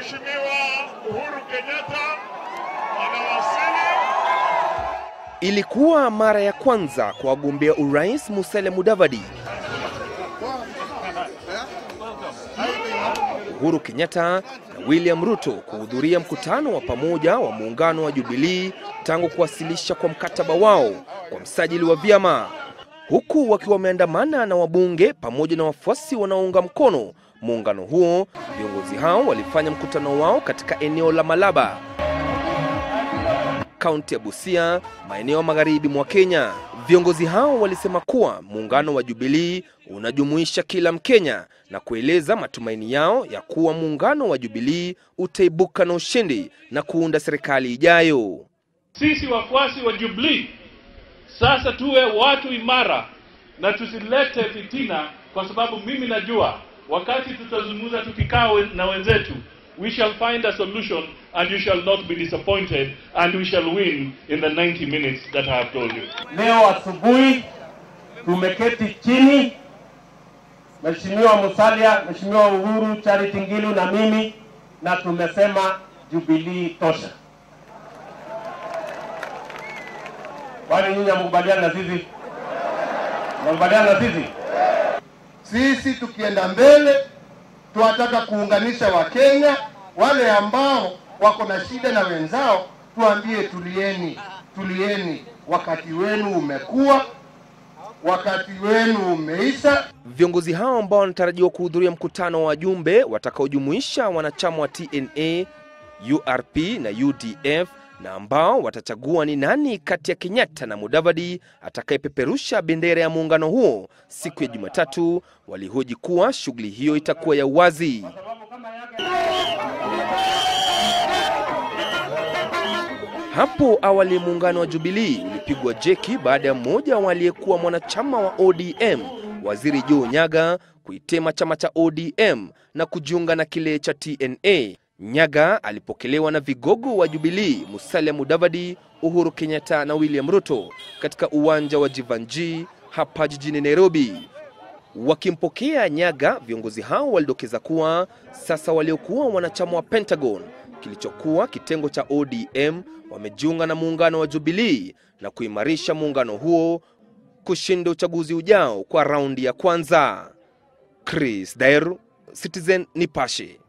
Mheshimiwa Uhuru Kenyatta anawasili. Ilikuwa mara ya kwanza kwa wagombea urais Musalia Mudavadi, Uhuru Kenyatta na William Ruto kuhudhuria mkutano wa pamoja wa muungano wa Jubilee tangu kuwasilisha kwa mkataba wao kwa msajili wa vyama huku wakiwa wameandamana na wabunge pamoja na wafuasi wanaounga mkono muungano huo. Viongozi hao walifanya mkutano wao katika eneo la Malaba, kaunti ya Busia, maeneo magharibi mwa Kenya. Viongozi hao walisema kuwa muungano wa Jubilii unajumuisha kila Mkenya na kueleza matumaini yao ya kuwa muungano wa Jubilii utaibuka na ushindi na kuunda serikali ijayo. Sisi wafuasi wa Jubilii sasa tuwe watu imara na tusilete fitina, kwa sababu mimi najua wakati tutazungumza tukikaa na wenzetu, we shall find a solution and you shall not be disappointed and we shall win in the 90 minutes that I have told you. Leo asubuhi tumeketi chini, Mheshimiwa Musalia, Mheshimiwa Uhuru Charity Ngilu na mimi, na tumesema Jubilee tosha. Kwani nyinyi hamkubaliana na sisi? Mnakubaliana na sisi? Sisi tukienda mbele, tunataka kuunganisha Wakenya wale ambao wako na shida na wenzao, tuambie tulieni, tulieni, wakati wenu umekuwa wakati wenu umeisha. Viongozi hao ambao wanatarajiwa kuhudhuria mkutano wa wajumbe watakaojumuisha wanachama wa TNA, URP na UDF na ambao watachagua ni nani kati ya Kenyatta na Mudavadi atakayepeperusha bendera ya muungano huo siku ya Jumatatu, walihoji kuwa shughuli hiyo itakuwa ya uwazi. Hapo awali muungano wa Jubilii ulipigwa jeki baada ya mmoja waliyekuwa mwanachama wa ODM Waziri Joe Nyaga kuitema chama cha ODM na kujiunga na kile cha TNA Nyaga alipokelewa na vigogo wa Jubilee, Musalia Mudavadi, Uhuru Kenyatta na William Ruto katika uwanja wa Jivanji hapa jijini Nairobi. Wakimpokea Nyaga, viongozi hao walidokeza kuwa sasa waliokuwa wanachama wa Pentagon, kilichokuwa kitengo cha ODM, wamejiunga na muungano wa Jubilee na kuimarisha muungano huo kushinda uchaguzi ujao kwa raundi ya kwanza. Chris Dair, Citizen Nipashe.